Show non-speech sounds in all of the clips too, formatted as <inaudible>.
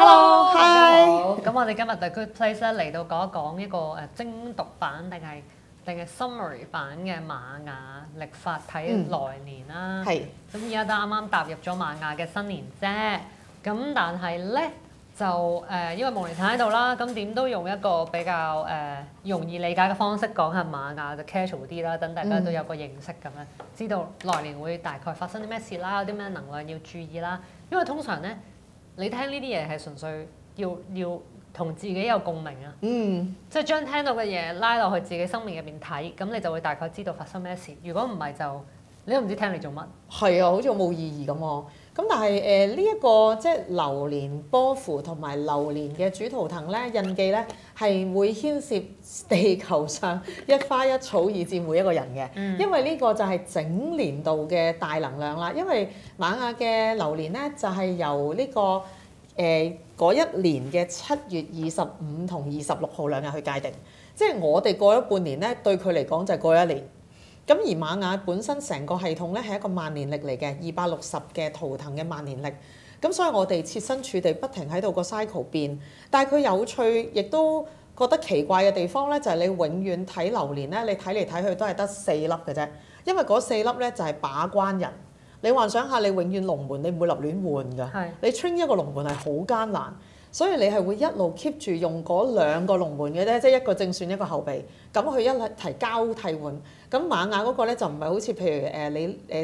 Hello，hi，咁我哋今日 The Good Place 咧嚟到講一講一個誒、啊、精讀版定係定係 summary 版嘅瑪雅曆法睇來年啦、啊。係、嗯，咁而家都啱啱踏入咗瑪雅嘅新年啫。咁但係咧就誒、呃，因為無釐產喺度啦，咁點都用一個比較誒、呃、容易理解嘅方式講下瑪雅，就 casual 啲啦，等大家都有個認識咁樣，嗯、知道來年會大概發生啲咩事啦，有啲咩能量要注意啦。因為通常咧。你聽呢啲嘢係純粹要要同自己有共鳴啊，嗯、即係將聽到嘅嘢拉落去自己生命入邊睇，咁你就會大概知道發生咩事。如果唔係就你都唔知聽嚟做乜。係啊，好似冇意義咁喎。咁但係誒、呃，這個、呢一個即係流年波符同埋流年嘅主圖騰咧印記咧，係會牽涉地球上一花一草以至每一個人嘅，嗯，因為呢、就是這個就係整年度嘅大能量啦。因為瑪雅嘅流年咧就係由呢個誒嗰一年嘅七月二十五同二十六號兩日去界定，即係我哋過咗半年咧對佢嚟講就係過一年。咁而瑪雅本身成個系統咧係一個萬年曆嚟嘅，二百六十嘅圖騰嘅萬年曆，咁所以我哋設身處地不停喺度個 cycle 變，但係佢有趣亦都覺得奇怪嘅地方咧，就係、是、你永遠睇流年咧，你睇嚟睇去都係得四粒嘅啫，因為嗰四粒咧就係、是、把關人。你幻想下，你永遠龍門你唔會立亂換㗎，的你 train 一個龍門係好艱難，所以你係會一路 keep 住用嗰兩個龍門嘅啫，即係一個正選一個後備，咁佢一嚟提交替換。咁瑪雅嗰個咧就唔係好似譬如誒、呃、你誒、呃、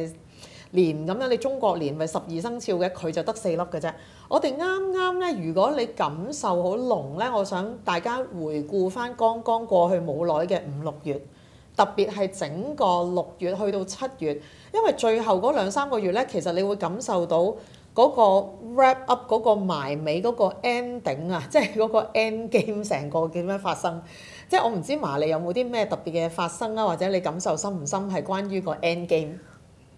年咁樣，你中國年咪十二生肖嘅，佢就得四粒嘅啫。我哋啱啱咧，如果你感受好濃咧，我想大家回顧返剛剛過去冇耐嘅五六月，特別係整個六月去到七月，因為最後嗰兩三個月咧，其實你會感受到嗰個 wrap up 嗰個埋尾嗰個 ending 啊，即係嗰個 end game 成個叫點樣發生？即係我唔知麻利有冇啲咩特別嘅發生啊，或者你感受深唔深係關於個 end game？誒、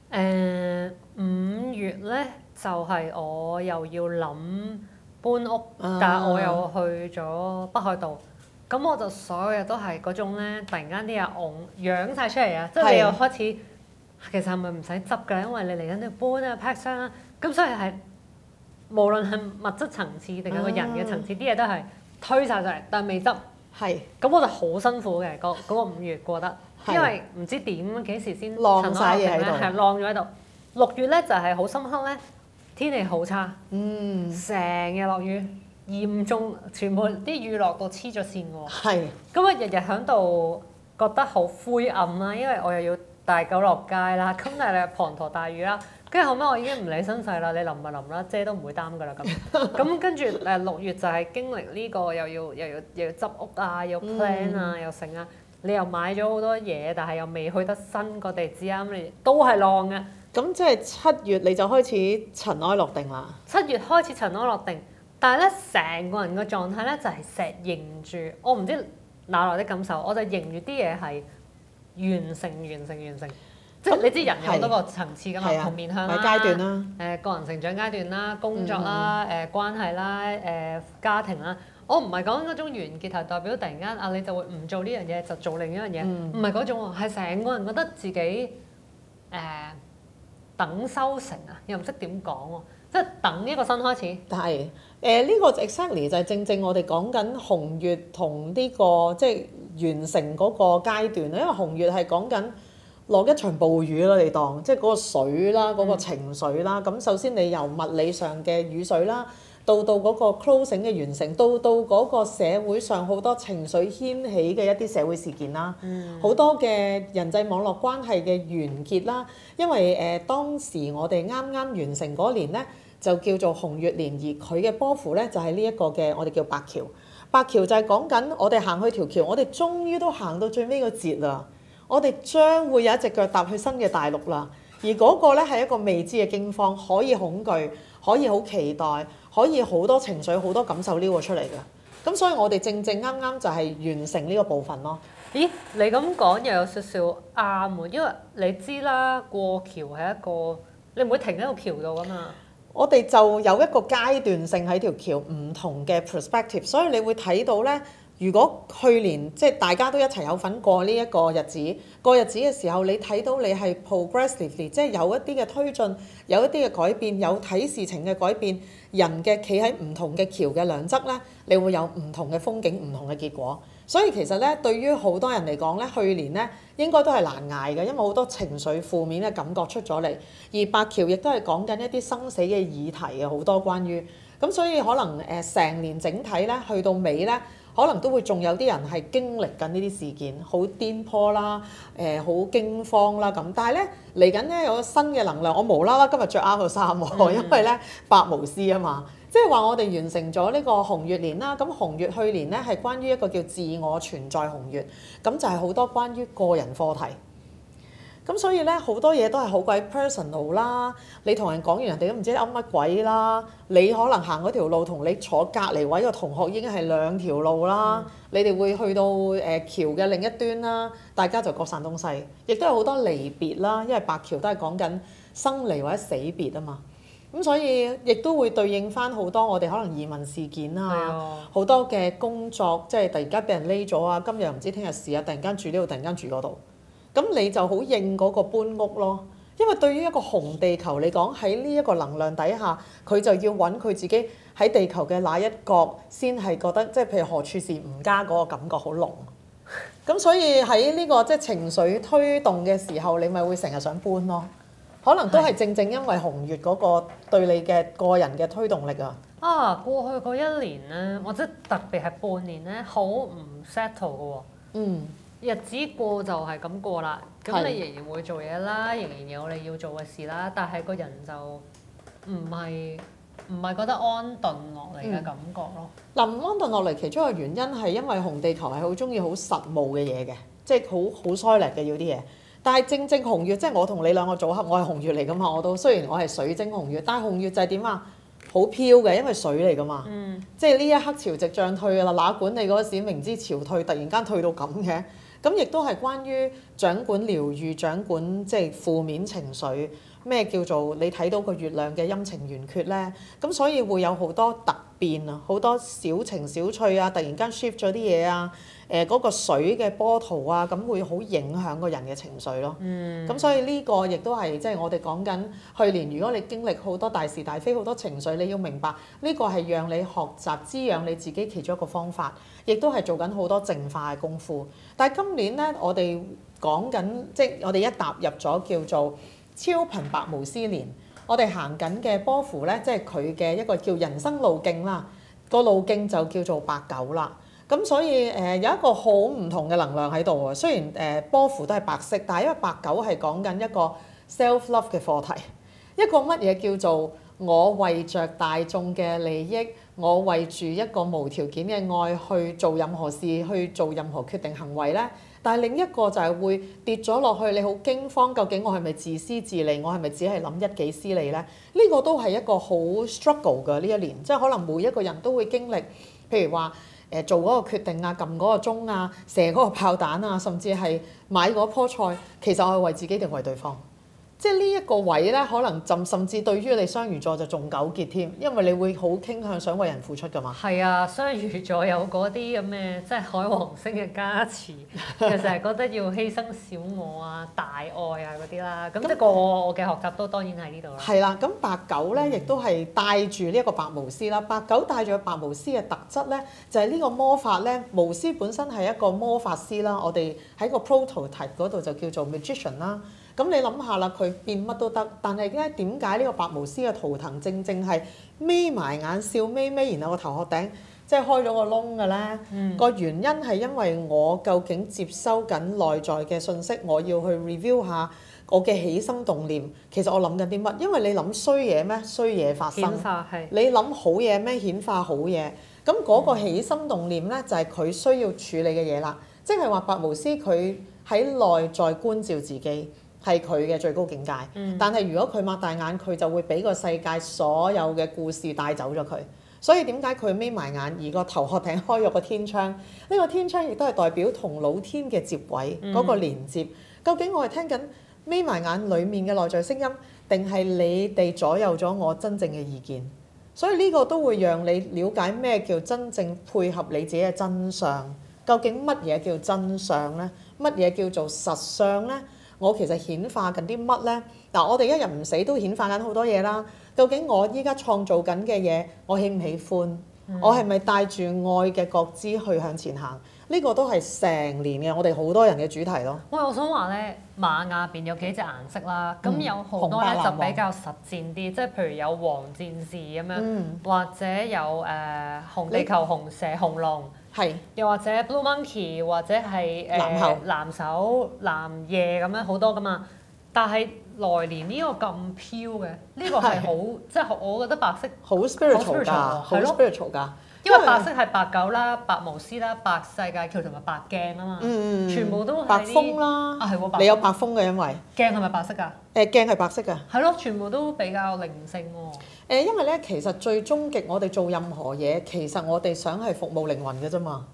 呃、五月咧就係、是、我又要諗搬屋，但係我又去咗北海道，咁、啊、我就所有嘢都係嗰種咧，突然間啲嘢㧬揚晒出嚟啊！即係是你又開始，其實係咪唔使執㗎？因為你嚟緊都要搬啊、pack 箱啦、啊，咁所以係無論係物質層次定係個人嘅、啊、層次，啲嘢都係推晒出嚟，但係未執。係，咁是我就好辛苦嘅，那個嗰個五月過得，是因為唔知點幾時先晾晒嘢咧，係晾咗喺度。六月咧就係好深刻咧，天氣好差，成日落雨，嚴重全部啲雨落到黐咗線喎。係是。咁啊，日日喺度覺得好灰暗啦，因為我又要帶狗落街啦，咁但係滂沱大雨啦。跟住後尾我已經唔理身世啦，你諗咪諗啦，姐都唔會擔噶啦咁。咁跟住誒六月就係經歷呢、這個又要又要又要執屋啊，又 plan 啊，又成啊。你又買咗好多嘢，但係又未去得新個地址啊。咁你都係浪嘅。咁、嗯、即係七月你就開始塵埃落定啦？七月開始塵埃落定，但係咧成個人嘅狀態咧就係石認住。我唔知哪來的感受，我就認住啲嘢係完成、完成、完成。咁你知人有好多個層次㗎嘛，同面向啦，誒個人成長階段啦，工作啦，誒關係啦，誒家庭啦。我唔係講嗰種完結，係代表突然間啊，你就會唔做呢樣嘢，就做另一樣嘢。唔係嗰種，係成個人覺得自己誒等收成啊，又唔識點講喎，即係等一個新開始。係，誒呢個 exactly 就係正正我哋講緊紅月同呢個即係完成嗰個階段啦，因為紅月係講緊。落一場暴雨啦，你當即係嗰個水啦，嗰、那個情緒啦。咁、嗯、首先你由物理上嘅雨水啦，到到嗰個 closing 嘅完成，到到嗰個社會上好多情緒掀起嘅一啲社會事件啦，好、嗯、多嘅人際網絡關係嘅完結啦。因為誒、呃、當時我哋啱啱完成嗰年呢，就叫做紅月連二，佢嘅波符呢，就係呢一個嘅我哋叫白橋。白橋就係講緊我哋行去條橋，我哋終於都行到最尾個節啦。我哋將會有一隻腳踏去新嘅大陸啦，而嗰個呢係一個未知嘅驚慌，可以恐懼，可以好期待，可以好多情緒好多感受撩過出嚟㗎。咁所以我哋正正啱啱就係完成呢個部分咯。咦，你咁講又有少少啱喎，因為你知啦，過橋係一個，你唔會停喺個橋度㗎嘛。我哋就有一個階段性喺條橋，唔同嘅 perspective，所以你會睇到呢。如果去年即係大家都一齊有份過呢一個日子過日子嘅時候，你睇到你係 progressively 即係有一啲嘅推進，有一啲嘅改變，有睇事情嘅改變，人嘅企喺唔同嘅橋嘅兩側呢，你會有唔同嘅風景、唔同嘅結果。所以其實呢，對於好多人嚟講呢，去年呢，應該都係難捱嘅，因為好多情緒負面嘅感覺出咗嚟。而白橋亦都係講緊一啲生死嘅議題啊，好多關於咁，所以可能誒成年整體呢，去到尾呢。可能都會仲有啲人係經歷緊呢啲事件，好顛簸啦，誒好驚慌啦咁。但係呢，嚟緊呢有個新嘅能量，我無啦啦今日着啱婆衫喎，因為呢白巫師啊嘛，即係話我哋完成咗呢個紅月年啦。咁紅月去年呢係關於一個叫自我存在紅月，咁就係好多關於個人課題。咁所以咧好多嘢都係好鬼 personal 啦，你同人講完人哋都唔知噏乜鬼啦。你可能行嗰條路同你坐隔離位個同學已經係兩條路啦。嗯、你哋會去到誒、呃、橋嘅另一端啦，大家就各散東西。亦都有好多離別啦，因為白橋都係講緊生離或者死別啊嘛。咁所以亦都會對應翻好多我哋可能移民事件啊，好、嗯、多嘅工作即係突然間俾人匿咗啊，今日又唔知聽日事啊，突然間住呢度，突然間住嗰度。咁你就好應嗰個搬屋咯，因為對於一個紅地球嚟講，喺呢一個能量底下，佢就要揾佢自己喺地球嘅那一角，先係覺得即係譬如何處是吾家嗰個感覺好濃。咁 <laughs> 所以喺呢個即係情緒推動嘅時候，你咪會成日想搬咯。可能都係正正因為紅月嗰個對你嘅個人嘅推動力啊。啊，過去嗰一年呢，或者特別係半年呢，好唔 settle 嘅喎。嗯。日子過就係咁過啦，咁你仍然會做嘢啦，仍然有你要做嘅事啦，但係個人就唔係唔係覺得安頓落嚟嘅感覺咯。嗱、嗯，安頓落嚟其中一個原因係因為紅地球係好中意好實務嘅嘢嘅，即係好好 solid 嘅要啲嘢。但係正正紅月即係我同你兩個組合，我係紅月嚟噶嘛？我都雖然我係水晶紅月，但係紅月就係點啊？好飄嘅，因為水嚟噶嘛。嗯。即係呢一刻潮汐漲退啊啦，哪管你嗰時明知潮退，突然間退到咁嘅。咁亦都係關於掌管療愈、掌管即係負面情緒。咩叫做你睇到個月亮嘅陰晴圓缺咧？咁所以會有好多突變啊，好多小情小趣啊，突然間 shift 咗啲嘢啊，誒、呃、嗰、嗰個水嘅波濤啊，咁會好影響個人嘅情緒咯。咁、嗯、所以呢個亦都係即係我哋講緊去年，如果你經歷好多大是大非、好多情緒，你要明白呢個係讓你學習滋養你自己其中一個方法，亦都係做緊好多淨化嘅功夫。但係今年呢，我哋講緊即係我哋一踏入咗叫做超頻白巫師年，我哋行緊嘅波符呢，即係佢嘅一個叫人生路徑啦。個路徑就叫做白狗啦。咁所以誒有一個好唔同嘅能量喺度喎。雖然誒波符都係白色，但係因為白狗係講緊一個 self love 嘅課題，一個乜嘢叫做我為着大眾嘅利益，我為住一個無條件嘅愛去做任何事，去做任何決定行為呢。但係另一個就係會跌咗落去，你好驚慌。究竟我係咪自私自利？我係咪只係諗一己私利呢？呢、呢個都係一個好 struggle 嘅呢一年，即係可能每一個人都會經歷。譬如話、呃、做嗰個決定啊，撳嗰個鐘啊，射嗰個炮彈啊，甚至係買嗰棵菜，其實我係為自己定為對方。即係呢一個位咧，可能甚至對於你雙魚座就仲糾結添，因為你會好傾向想為人付出㗎嘛。係啊，雙魚座有嗰啲咁嘅，即係海王星嘅加持，其實係覺得要犧牲小我啊、大愛啊嗰啲啦。咁個我嘅學習都當然喺、啊、呢度啦。係啦、嗯，咁白狗咧，亦都係帶住呢一個白巫師啦。白狗帶住白巫師嘅特質咧，就係、是、呢個魔法咧。巫師本身係一個魔法師啦，我哋喺個 prototype 嗰度就叫做 magician 啦。咁你諗下啦，佢變乜都得，但係咧點解呢個白巫師嘅圖騰正正係眯埋眼笑眯眯，然後個頭殼頂即係開咗個窿㗎咧？個、嗯、原因係因為我究竟接收緊內在嘅信息，我要去 review 下我嘅起心動念。其實我諗緊啲乜？因為你諗衰嘢咩？衰嘢發生。你諗好嘢咩？顯化好嘢。咁嗰個起心動念咧，就係、是、佢需要處理嘅嘢啦。即係話白巫師佢喺內在觀照自己。係佢嘅最高境界，嗯、但係如果佢擘大眼，佢就會俾個世界所有嘅故事帶走咗佢。所以點解佢眯埋眼，而個頭殼頂開咗個天窗？呢、這個天窗亦都係代表同老天嘅接軌嗰、那個連接。嗯、究竟我係聽緊眯埋眼裡面嘅內在聲音，定係你哋左右咗我真正嘅意見？所以呢個都會讓你了解咩叫真正配合你自己嘅真相。究竟乜嘢叫真相呢？乜嘢叫做實相呢？我其實顯化緊啲乜呢？嗱，我哋一日唔死都顯化緊好多嘢啦。究竟我依家創造緊嘅嘢，我喜唔喜歡？我係咪帶住愛嘅覺知去向前行？呢、這個都係成年嘅我哋好多人嘅主題咯。喂，我想話咧，瑪雅變有幾隻顏色啦，咁、嗯、有好多咧就比較實戰啲，即係譬如有黃戰士咁樣，嗯、或者有誒、呃、紅地球、紅蛇你、紅龍，係是，又或者 Blue Monkey 或者係誒后、呃、藍手、藍夜咁樣好多噶嘛，但係，來年呢個咁飄嘅，呢個係好即係我覺得白色好 spiritual 㗎，係 spiritual 㗎，因為白色係白狗啦、白巫師啦、白世界橋同埋白鏡啊嘛，全部都係白風啦，你有白風嘅因為鏡係咪白色㗎？誒鏡係白色㗎，係咯，全部都比較靈性喎。誒，因為咧，其實最終極我哋做任何嘢，其實我哋想係服務靈魂嘅啫嘛。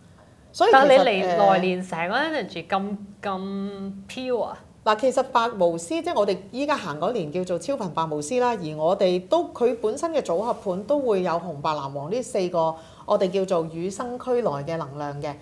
但係你嚟來年成個 energy 咁咁飄啊！嗱，其實白巫師即係我哋依家行嗰年叫做超頻白巫師啦，而我哋都佢本身嘅組合盤都會有紅白藍黃呢四個，我哋叫做與生俱來嘅能量嘅。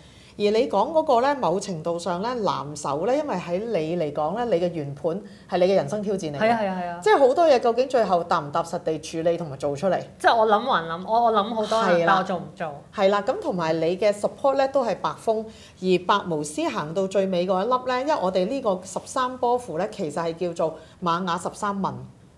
而你講嗰個咧，某程度上咧，藍手咧，因為喺你嚟講咧，你嘅原盤係你嘅人生挑戰嚟嘅，啊啊啊、即係好多嘢究竟最後踏唔踏實地處理同埋做出嚟。即係我諗還諗，我我諗好多嘢，啊、但我做唔做？係啦、啊，咁同埋你嘅 support 咧都係白風，而白巫師行到最尾嗰一粒咧，因為我哋呢個十三波符咧，其實係叫做瑪雅十三問，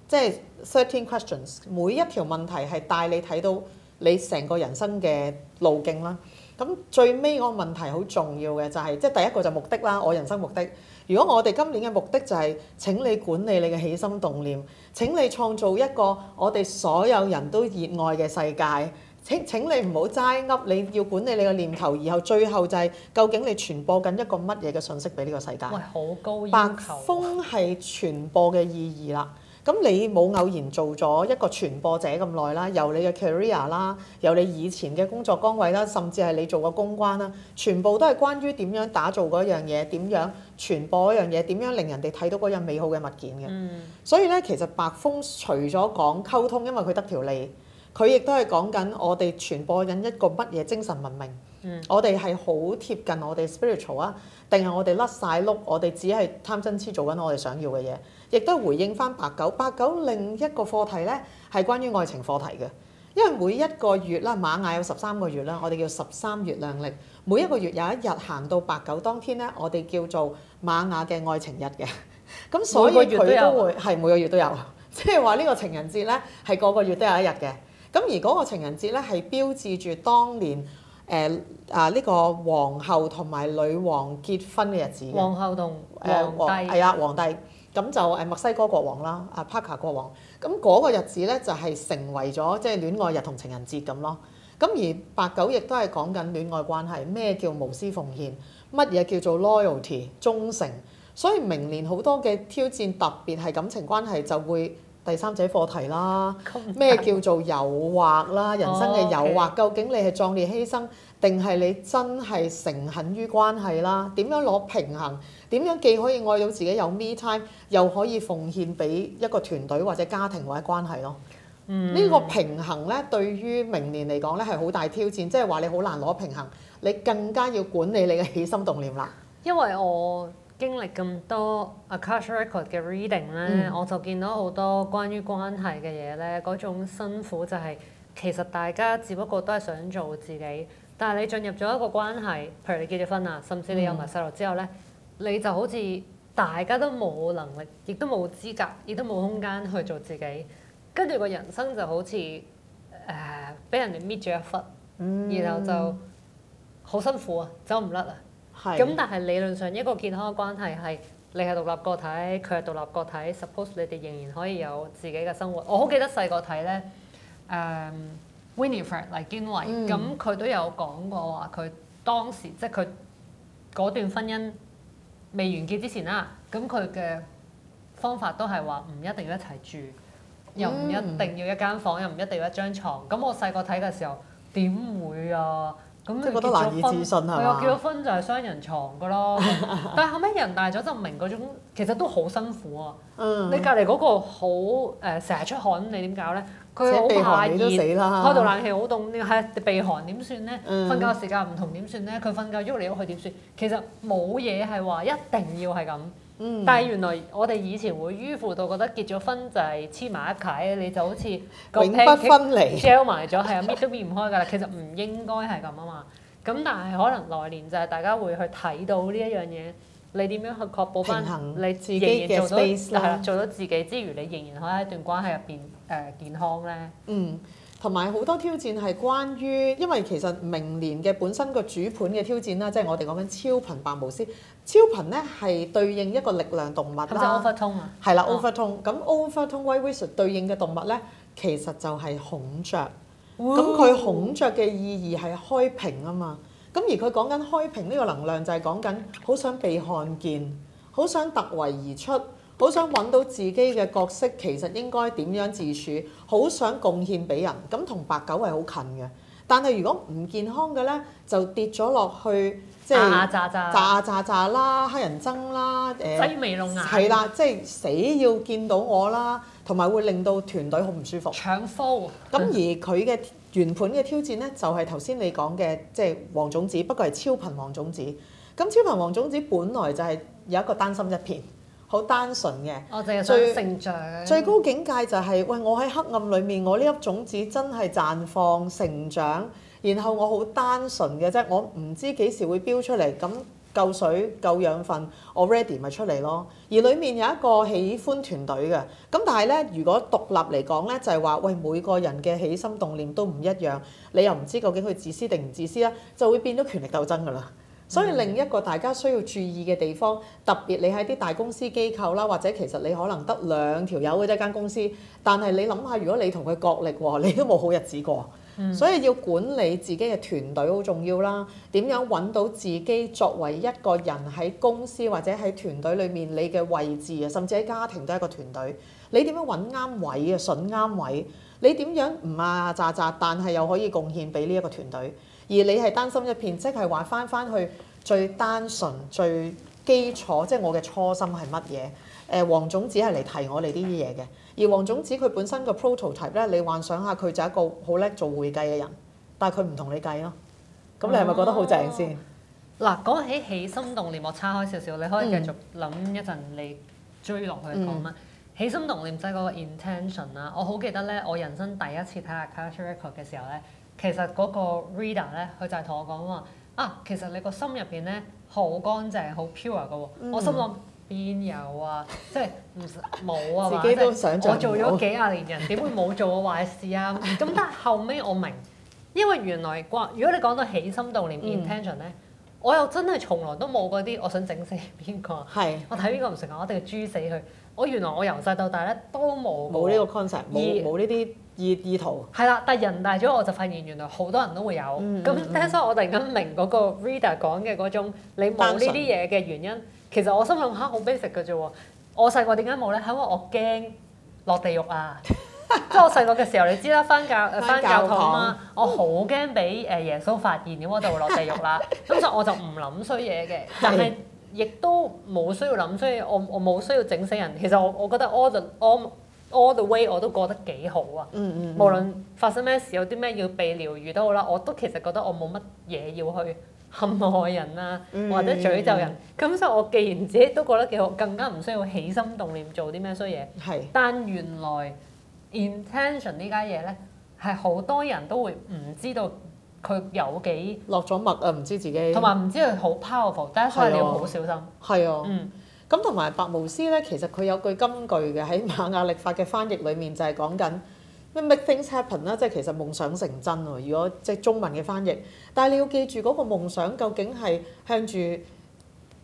即係 thirteen questions，每一條問題係帶你睇到你成個人生嘅路徑啦。咁最尾個問題好重要嘅就係、是，即係第一個就目的啦，我人生目的。如果我哋今年嘅目的就係、是、請你管理你嘅起心動念，請你創造一個我哋所有人都熱愛嘅世界。請請你唔好齋噏，你要管理你嘅念頭，然後最後就係究竟你傳播緊一個乜嘢嘅信息俾呢個世界？好高要求，白風係傳播嘅意義啦。咁你冇偶然做咗一個傳播者咁耐啦，由你嘅 career 啦，由你以前嘅工作崗位啦，甚至係你做過公關啦，全部都係關於點樣打造嗰樣嘢，點樣傳播嗰樣嘢，點樣令人哋睇到嗰樣美好嘅物件嘅。嗯、所以呢，其實白風除咗講溝通，因為佢得條脷，佢亦都係講緊我哋傳播緊一個乜嘢精神文明。嗯、我哋係好貼近我哋 spiritual 啊，定係我哋甩晒碌，我哋只係貪嗔痴做緊我哋想要嘅嘢。亦都回應翻八九八九另一個課題呢，係關於愛情課題嘅。因為每一個月啦，瑪雅有十三個月啦，我哋叫十三月亮曆。每一個月有一日行到八九當天呢，我哋叫做瑪雅嘅愛情日嘅。咁所以佢都會係每，每個月都有，即係話呢個情人節呢，係個個月都有一日嘅。咁而嗰個情人節呢，係標誌住當年誒、呃、啊呢、這個皇后同埋女王結婚嘅日子。皇后同皇帝係啊、呃、哎，皇帝。咁就誒墨西哥國王啦，阿 Pakal 國王，咁嗰個日子呢，就係、是、成為咗即係戀愛日同情人節咁咯。咁而八九亦都係講緊戀愛關係，咩叫無私奉獻，乜嘢叫做 loyalty 忠誠。所以明年好多嘅挑戰特別係感情關係就會第三者課題啦。咩叫做誘惑啦？人生嘅誘惑，究竟你係壯烈犧牲定係你真係誠懇於關係啦？點樣攞平衡？點樣既可以愛到自己有 me time，又可以奉獻俾一個團隊或者家庭或者關係咯？呢、嗯、個平衡咧，對於明年嚟講咧係好大挑戰，即係話你好難攞平衡。你更加要管理你嘅起心動念啦。因為我經歷咁多 Akashic Record 嘅 reading 咧、嗯，我就見到好多關於關係嘅嘢咧，嗰種辛苦就係、是、其實大家只不過都係想做自己，但係你進入咗一個關係，譬如你結咗婚啊，甚至你有埋細路之後咧。嗯你就好似大家都冇能力，亦都冇資格，亦都冇空間去做自己，跟住個人生就好似誒俾人哋搣咗一忽，嗯、然後就好辛苦啊，走唔甩啊。咁是但係理論上一個健康嘅關係係你係獨立個體，佢係獨立個體，suppose 你哋仍然可以有自己嘅生活。我好記得細個睇咧誒 Winifred n e 黎堅惠，咁佢、嗯嗯、都有講過話佢當時即係佢嗰段婚姻。未完結之前啦，咁佢嘅方法都係話唔一定要一齊住，又唔一定要一間房，嗯、又唔一定要一張床。咁我細個睇嘅時候點會啊？咁即係覺得難以置信係嘛？結咗婚就係雙人床嘅咯， <laughs> 但係後尾人大咗就唔明嗰種，其實都好辛苦啊。嗯、你隔離嗰個好誒，呃、成日出汗，你點搞咧？佢好怕熱，死啦開到冷氣好凍，你係鼻寒點算咧？瞓、嗯、覺時間唔同點算咧？佢瞓覺喐嚟喐去點算？其實冇嘢係話一定要係咁。嗯、但係原來我哋以前會迂腐到覺得結咗婚就係黐埋一齊，你就好似永不分離、膠埋咗，係啊，搣都搣唔開㗎啦。其實唔應該係咁啊嘛。咁但係可能來年就係大家會去睇到呢一樣嘢，你點樣去確保翻你做到自己嘅 space 啦？係、啊、做到自己之餘，你仍然可以喺一段關係入邊。誒健康咧，嗯，同埋好多挑戰係關於，因為其實明年嘅本身個主盤嘅挑戰啦，即係我哋講緊超頻白巫師。超頻咧係對應一個力量動物啦，係就 overtone 係啦 overtone，咁 overtone White Wizard 對應嘅動物咧，其實就係孔雀。咁佢孔雀嘅意義係開屏啊嘛，咁而佢講緊開屏呢個能量就係講緊好想被看見，好想突圍而出。好想揾到自己嘅角色，其實應該點樣自處？好想貢獻俾人，咁同白狗係好近嘅。但係如果唔健康嘅咧，就跌咗落去，即係炸炸炸炸炸啦，黑人憎啦，誒、啊、擠、啊啊、眉弄眼啦，即係、就是、死要見到我啦，同埋會令到團隊好唔舒服。搶風。咁而佢嘅原本嘅挑戰咧，就係頭先你講嘅，即係黃種子，不過係超頻黃種子。咁超頻黃種子本來就係有一個單心一片。好單純嘅，我淨係想成長，最最高境界就係、是、喂，我喺黑暗裏面，我呢粒種子真係綻放成長，然後我好單純嘅啫，我唔知幾時會飆出嚟，咁夠水夠養分，我 ready 咪出嚟咯。而裡面有一個喜歡團隊嘅，咁但係呢，如果獨立嚟講呢，就係、是、話喂，每個人嘅起心動念都唔一樣，你又唔知究竟佢自私定唔自私啊，就會變咗權力鬥爭噶啦。所以另一個大家需要注意嘅地方，特別你喺啲大公司機構啦，或者其實你可能得兩條友嘅一間公司。但係你諗下，如果你同佢角力喎，你都冇好日子過。嗯、所以要管理自己嘅團隊好重要啦。點樣揾到自己作為一個人喺公司或者喺團隊裏面你嘅位置啊？甚至喺家庭都係一個團隊。你點樣揾啱位啊？順啱位。你點樣唔啊喳喳，但係又可以貢獻俾呢一個團隊？而你係擔心一片，即係話翻翻去最單純、最基礎，即係我嘅初心係乜嘢？誒、呃，黃種子係嚟提我哋呢啲嘢嘅。而黃種子佢本身個 prototype 咧，你幻想下佢就係一個好叻做會計嘅人，但係佢唔同你計咯。咁你係咪覺得好正先？嗱、哦啊，講起起心動念，我岔開少少，你可以繼續諗一陣，你追落去講乜？嗯、起心動念即係嗰個 intention 啦。我好記得咧，我人生第一次睇下 Akashic Record 嘅時候咧。其實嗰個 reader 咧，佢就係同我講話啊，其實你個心入邊咧好乾淨，好 pure 㗎喎、哦。嗯、我心諗邊有啊？即係唔冇啊？自己即係我做咗幾廿年人，點沒 會冇做過壞事啊？咁 <laughs> 但係後尾我明，因為原來啩如果你講到起心動念、嗯、intention 咧，我又真係從來都冇嗰啲我想整死邊個、啊，是 我睇邊個唔成啊，我一定要豬死佢。我原來我由細到大咧都冇冇呢個 concept，冇呢啲。意意圖係啦，嗯嗯，但人大咗我就發現原來好多人都會有。咁聽咗我突然間明嗰個 reader 講嘅嗰種你冇呢啲嘢嘅原因，其實我心諗吓好 basic 嘅啫喎。我細個點解冇咧？係因為我驚落地獄啊！即係 <laughs> 我細個嘅時候，你知啦，返教返教堂啊，堂我好驚俾誒耶穌發現咁我就會落地獄啦。咁 <laughs> 所以我就唔諗衰嘢嘅，但係亦都冇需要諗衰嘢，我我冇需要整死人。其實我我覺得 all, the, all, all All the way 我都過得幾好啊！Hmm. 無論發生咩事，有啲咩要被療癒都好啦，我都其實覺得我冇乜嘢要去陷害人啊，mm hmm. 或者詛咒人。咁所以，我既然自己都覺得幾好，更加唔需要起心動念做啲咩衰嘢。係是。但原來 intention 呢家嘢咧，係好多人都會唔知道佢有幾落咗墨啊，唔知自己同埋唔知佢好 powerful，即係你要好小心。係啊。嗯。咁同埋白巫師咧，其實佢有句金句嘅，喺瑪雅曆法嘅翻譯裏面，就係講緊咩 make things happen 啦，即係其實夢想成真喎。如果即係中文嘅翻譯，但係你要記住嗰個夢想究竟係向住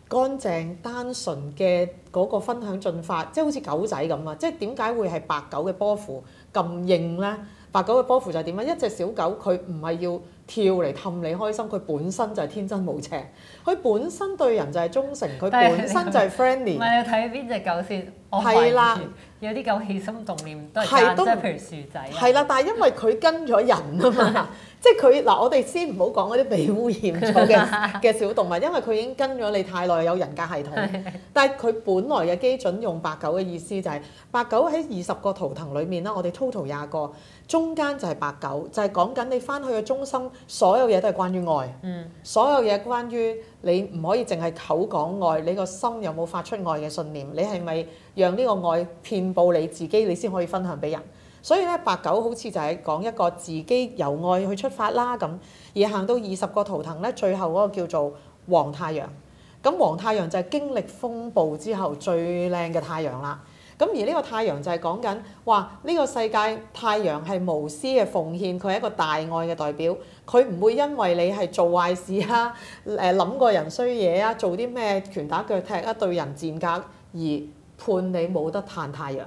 乾淨單純嘅嗰個分享進發，即係好似狗仔咁啊！即係點解會係白狗嘅波符咁硬咧？白狗嘅波符就係點啊？一隻小狗佢唔係要。跳嚟氹你開心，佢本身就係天真無邪，佢本身對人就係忠誠，佢本身就係 friendly。唔係，你睇下邊隻狗先？係啦，的有啲狗起心動念都係都即係譬如薯仔。係啦的，但係因為佢跟咗人啊嘛， <laughs> 即係佢嗱，我哋先唔好講嗰啲被污染咗嘅嘅小動物，因為佢已經跟咗你太耐，有人格系統。 <laughs> 但係佢本來嘅基準用白狗嘅意思就係、是、白狗喺二十個圖騰裡面啦，我哋 total 廿個，中間就係白狗。就係、是、講緊你翻去嘅中心，所有嘢都係關於愛， <laughs> 所有嘢關於。你唔可以淨係口講愛，你個心有冇發出愛嘅信念？你係咪讓呢個愛遍佈你自己？你先可以分享俾人。所以咧，白狗好似就係講一個自己由愛去出發啦咁，而行到二十個圖騰咧，最後嗰個叫做黃太陽。咁黃太陽就係經歷風暴之後最靚嘅太陽啦。咁而呢個太陽就係講緊話呢個世界太陽係無私嘅奉獻，佢係一個大愛嘅代表。佢唔會因為你係做壞事啊、誒諗過人衰嘢啊、做啲咩拳打腳踢啊、對人賤格而判你冇得嘆太陽。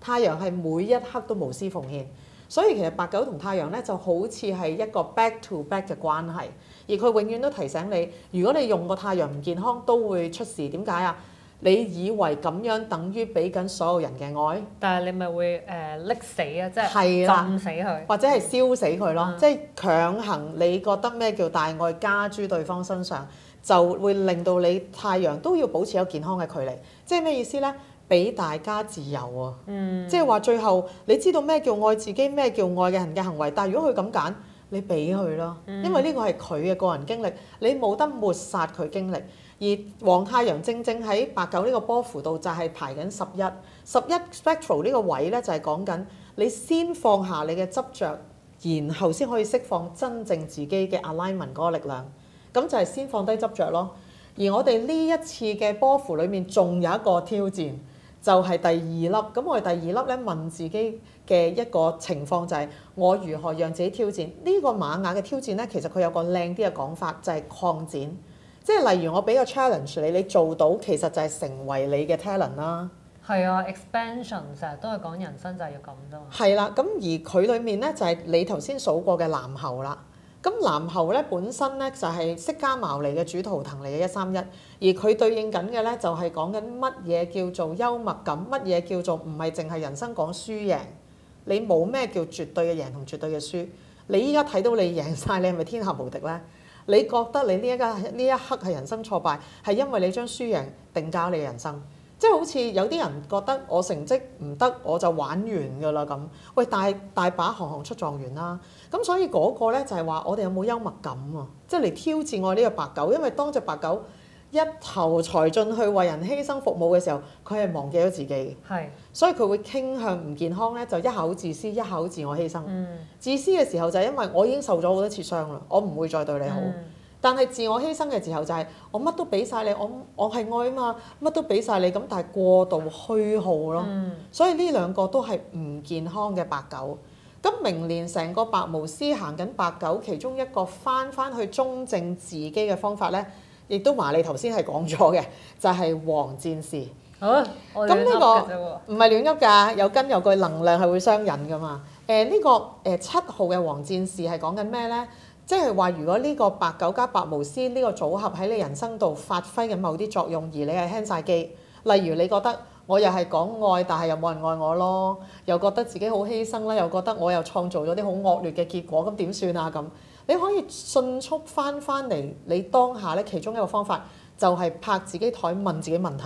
太陽係每一刻都無私奉獻，所以其實白狗同太陽呢就好似係一個 back to back 嘅關係，而佢永遠都提醒你，如果你用個太陽唔健康，都會出事。點解啊？你以為咁樣等於俾緊所有人嘅愛？但係你咪會誒溺、呃、死啊，即係浸死佢，或者係燒死佢咯，嗯、即係強行你覺得咩叫大愛加諸對方身上，就會令到你太陽都要保持有健康嘅距離。即係咩意思呢？俾大家自由啊！嗯、即係話最後你知道咩叫愛自己，咩叫愛嘅人嘅行為。但係如果佢咁揀，你俾佢咯，嗯、因為呢個係佢嘅個人經歷，你冇得抹殺佢經歷。而黃太陽正正喺八九呢個波幅度，就係排緊十一，十一 spectral 呢個位呢，就係講緊你先放下你嘅執着，然後先可以釋放真正自己嘅 alignment 嗰個力量。咁就係先放低執着咯。而我哋呢一次嘅波幅裏面仲有一個挑戰，就係、是、第二粒。咁我哋第二粒呢，問自己嘅一個情況就係：我如何讓自己挑戰呢、呢個瑪雅嘅挑戰呢，其實佢有個靚啲嘅講法就係、是、擴展。即係例如我俾個 challenge 你，你做到其實就係成為你嘅 talent 啦。係啊，expansion 成日都係講人生就要咁啫嘛。係啦，咁而佢裡面咧就係、是、你頭先數過嘅藍猴啦。咁藍猴咧本身咧就係、是、釋迦牟尼嘅主圖騰嚟嘅一三一，1，而佢對應緊嘅咧就係講緊乜嘢叫做幽默感，乜嘢叫做唔係淨係人生講輸贏，你冇咩叫絕對嘅贏同絕對嘅輸。你依家睇到你贏晒，你係咪天下無敵咧？你覺得你呢一間呢一刻係人生挫敗，係因為你將輸贏定價你嘅人生，即係好似有啲人覺得我成績唔得，我就玩完㗎啦咁。喂，大大把行行出狀元啦，咁所以嗰個咧就係話我哋有冇幽默感啊？即係嚟挑戰我呢個白狗，因為當隻白狗。一頭栽進去為人犧牲服務嘅時候，佢係忘記咗自己，是所以佢會傾向唔健康呢，就一口自私，一口自我犧牲。嗯、自私嘅時候就係因為我已經受咗好多次傷啦，我唔會再對你好。嗯、但係自我犧牲嘅時候就係、是、我乜都俾晒你，我我係愛啊嘛，乜都俾晒你咁，但係過度虛耗咯。嗯、所以呢兩個都係唔健康嘅白狗。咁明年成個白巫師行緊白狗，其中一個返返去中正自己嘅方法呢。亦都麻你頭先係講咗嘅，就係、是、黃戰士。嚇、啊！咁呢、這個唔係亂噏㗎，有根有據，能量係會相引㗎嘛。誒、呃、呢、這個誒、呃、七號嘅黃戰士係講緊咩呢？即係話如果呢個白狗加白巫師呢個組合喺你人生度發揮緊某啲作用，而你係輕晒機。例如你覺得我又係講愛，但係又冇人愛我咯，又覺得自己好犧牲啦，又覺得我又創造咗啲好惡劣嘅結果，咁點算啊咁？你可以迅速翻翻嚟，你當下咧其中一個方法就係拍自己枱問自己問題。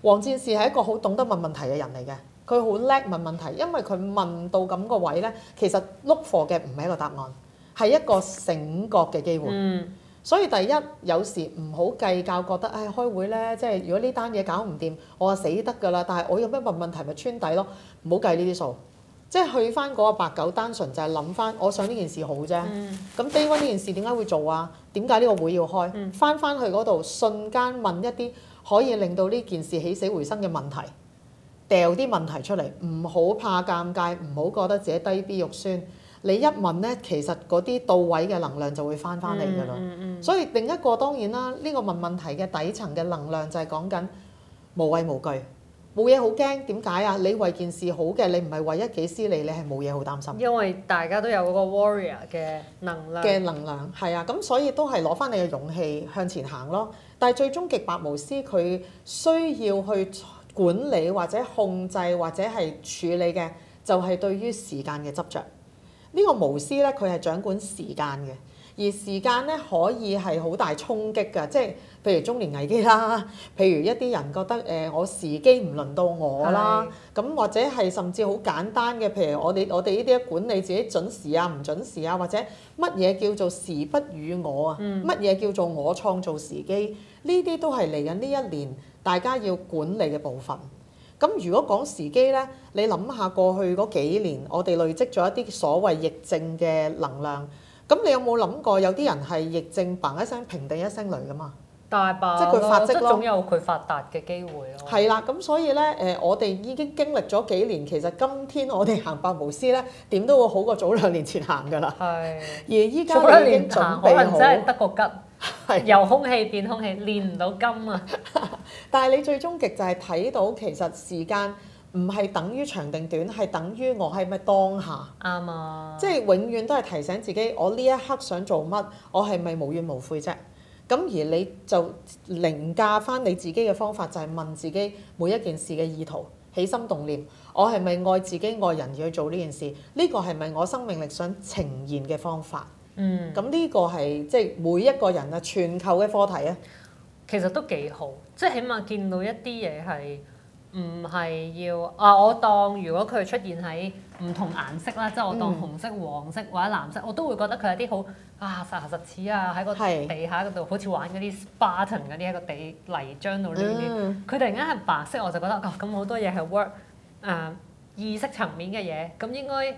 黃戰士係一個好懂得問問題嘅人嚟嘅，佢好叻問問題，因為佢問到咁個位咧，其實 look for 嘅唔係一個答案，係一個醒覺嘅機會。嗯。所以第一有時唔好計較，覺得唉、哎，開會咧，即係如果呢單嘢搞唔掂，我啊死得㗎啦。但係我有咩問問題咪穿底咯，唔好計呢啲數。即係去翻嗰個白狗單純就係諗翻，我想呢件事好啫。咁 Day One 呢件事點解會做啊？點解呢個會要開？翻翻、嗯、去嗰度，瞬間問一啲可以令到呢件事起死回生嘅問題，掉啲問題出嚟，唔好怕尷尬，唔好覺得自己低 b 肉酸。你一問呢，其實嗰啲到位嘅能量就會翻翻嚟㗎啦。嗯嗯嗯、所以另一個當然啦，呢、這個問問題嘅底層嘅能量就係講緊無畏無懼。冇嘢好驚，點解啊？你為件事好嘅，你唔係為一己私利，你係冇嘢好擔心。因為大家都有嗰個 warrior 嘅能量。嘅能量係啊，咁所以都係攞翻你嘅勇氣向前行咯。但係最終極白巫師，佢需要去管理或者控制或者係處理嘅，就係、是、對於時間嘅執着。呢、這個巫師呢，佢係掌管時間嘅。而時間咧可以係好大衝擊㗎，即係譬如中年危機啦，譬如一啲人覺得誒、呃、我時機唔輪到我啦，咁吧或者係甚至好簡單嘅，譬如我哋我哋呢啲管理自己準時啊、唔準時啊，或者乜嘢叫做時不與我啊，乜嘢、嗯、叫做我創造時機？呢啲都係嚟緊呢一年大家要管理嘅部分。咁如果講時機呢，你諗下過去嗰幾年我哋累積咗一啲所謂疫症嘅能量。咁你有冇諗過有啲人係疫症，砰一聲，平地一聲雷噶嘛？大把咯，即係佢發跡咯，總有佢發達嘅機會咯。係啦，咁所以咧，誒我哋已經經歷咗幾年，其實今天我哋行百無私咧，點都會好過早兩年前行噶啦。係。而依家已經準備好。早兩年可能真係得個吉，由空氣變空氣，練唔到金啊！但係你最終極就係睇到其實時間。唔係等於長定短，係等於我係咪當下。啱啊！即係永遠都係提醒自己，我呢一刻想做乜，我係咪無怨無悔啫？咁而你就凌駕翻你自己嘅方法，就係、是、問自己每一件事嘅意圖，起心動念，我係咪愛自己愛人而去做呢件事？呢、這個係咪我生命力想呈現嘅方法？嗯。咁呢個係即係每一個人啊，全球嘅課題啊。嗯、其實都幾好，即係起碼見到一啲嘢係。唔係要啊！我當如果佢出現喺唔同顏色啦，嗯、即係我當紅色、黃色或者藍色，我都會覺得佢係啲好啊實牙實齒啊喺個地下嗰度，是好似玩嗰啲 Spartan 嗰啲喺個地泥漿度亂。佢、嗯、突然間係白色，我就覺得啊，咁好多嘢係 work 啊意識層面嘅嘢，咁應該。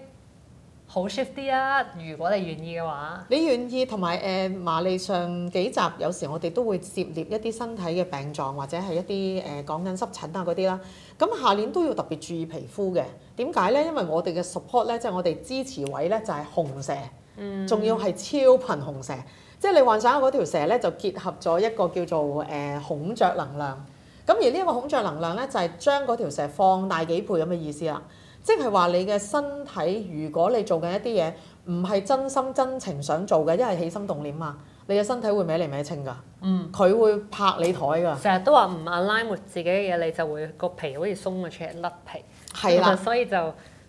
好 shift 啲啊！如果你願意嘅話，你願意同埋誒馬利上幾集有時我哋都會涉獵一啲身體嘅病狀或者係一啲誒講緊濕疹啊嗰啲啦。咁下年都要特別注意皮膚嘅，點解呢？因為我哋嘅 support 呢，即係我哋支持位呢，就係紅蛇，嗯，仲要係超頻紅蛇，即係你幻想嗰條蛇呢，就結合咗一個叫做誒孔雀能量。咁而呢一個孔雀能量呢，就係將嗰條蛇放大幾倍咁嘅意思啦。即係話你嘅身體，如果你做緊一啲嘢，唔係真心真情想做嘅，因為起心動念嘛，你嘅身體會歪嚟歪，歪清㗎。嗯，佢會拍你台㗎。成日都話唔 align 活自己嘅嘢，你就會個皮好似鬆咗出嚟甩皮。係啦的，所以就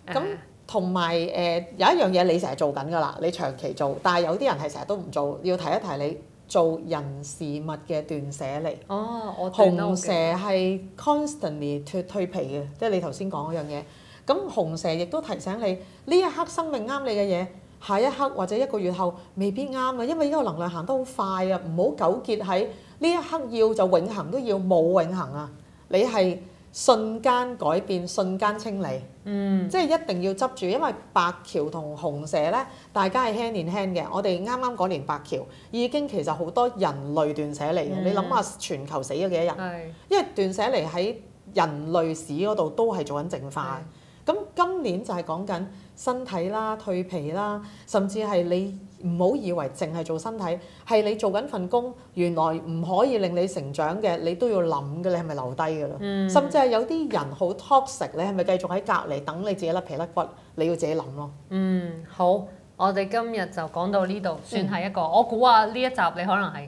咁同埋誒有一樣嘢，你成日做緊㗎啦，你長期做，但係有啲人係成日都唔做，要提一提你做人事物嘅斷捨離。哦，我同都幾。紅蛇係 constantly 脱退皮嘅，即係你頭先講嗰樣嘢。咁紅蛇亦都提醒你，呢一刻生命啱你嘅嘢，下一刻或者一個月後未必啱啊，因為呢個能量行得好快啊！唔好糾結喺呢一刻要就永恆都要冇永恆啊！你係瞬間改變、瞬間清理，嗯，即係一定要執住，因為白橋同紅蛇呢，大家係輕年輕嘅。我哋啱啱嗰年白橋，已經其實好多人類斷捨離嘅。嗯、你諗下全球死咗幾多人？是因為斷捨離喺人類史嗰度都係做緊淨化。咁今年就係講緊身體啦、蛻皮啦，甚至係你唔好以為淨係做身體，係你做緊份工，原來唔可以令你成長嘅，你都要諗嘅，你係咪留低㗎啦？嗯、甚至係有啲人好 toxic，你係咪繼續喺隔離等你自己甩皮甩骨？你要自己諗咯。嗯，好，我哋今日就講到呢度，算係一個，嗯、我估下呢一集你可能係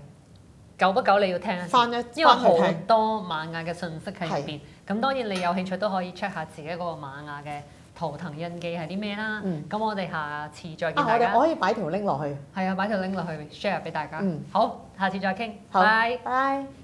久不久你要聽翻一,一，因為好多瑪雅嘅信息喺入邊。咁當然你有興趣都可以 check 下自己嗰個瑪雅嘅圖騰印記係啲咩啦。咁、嗯、我哋下次再見大家。啊、我哋可以擺條拎落去。係啊，擺條拎落去 share 俾、嗯、大家。嗯、好，下次再傾。拜拜好。Bye.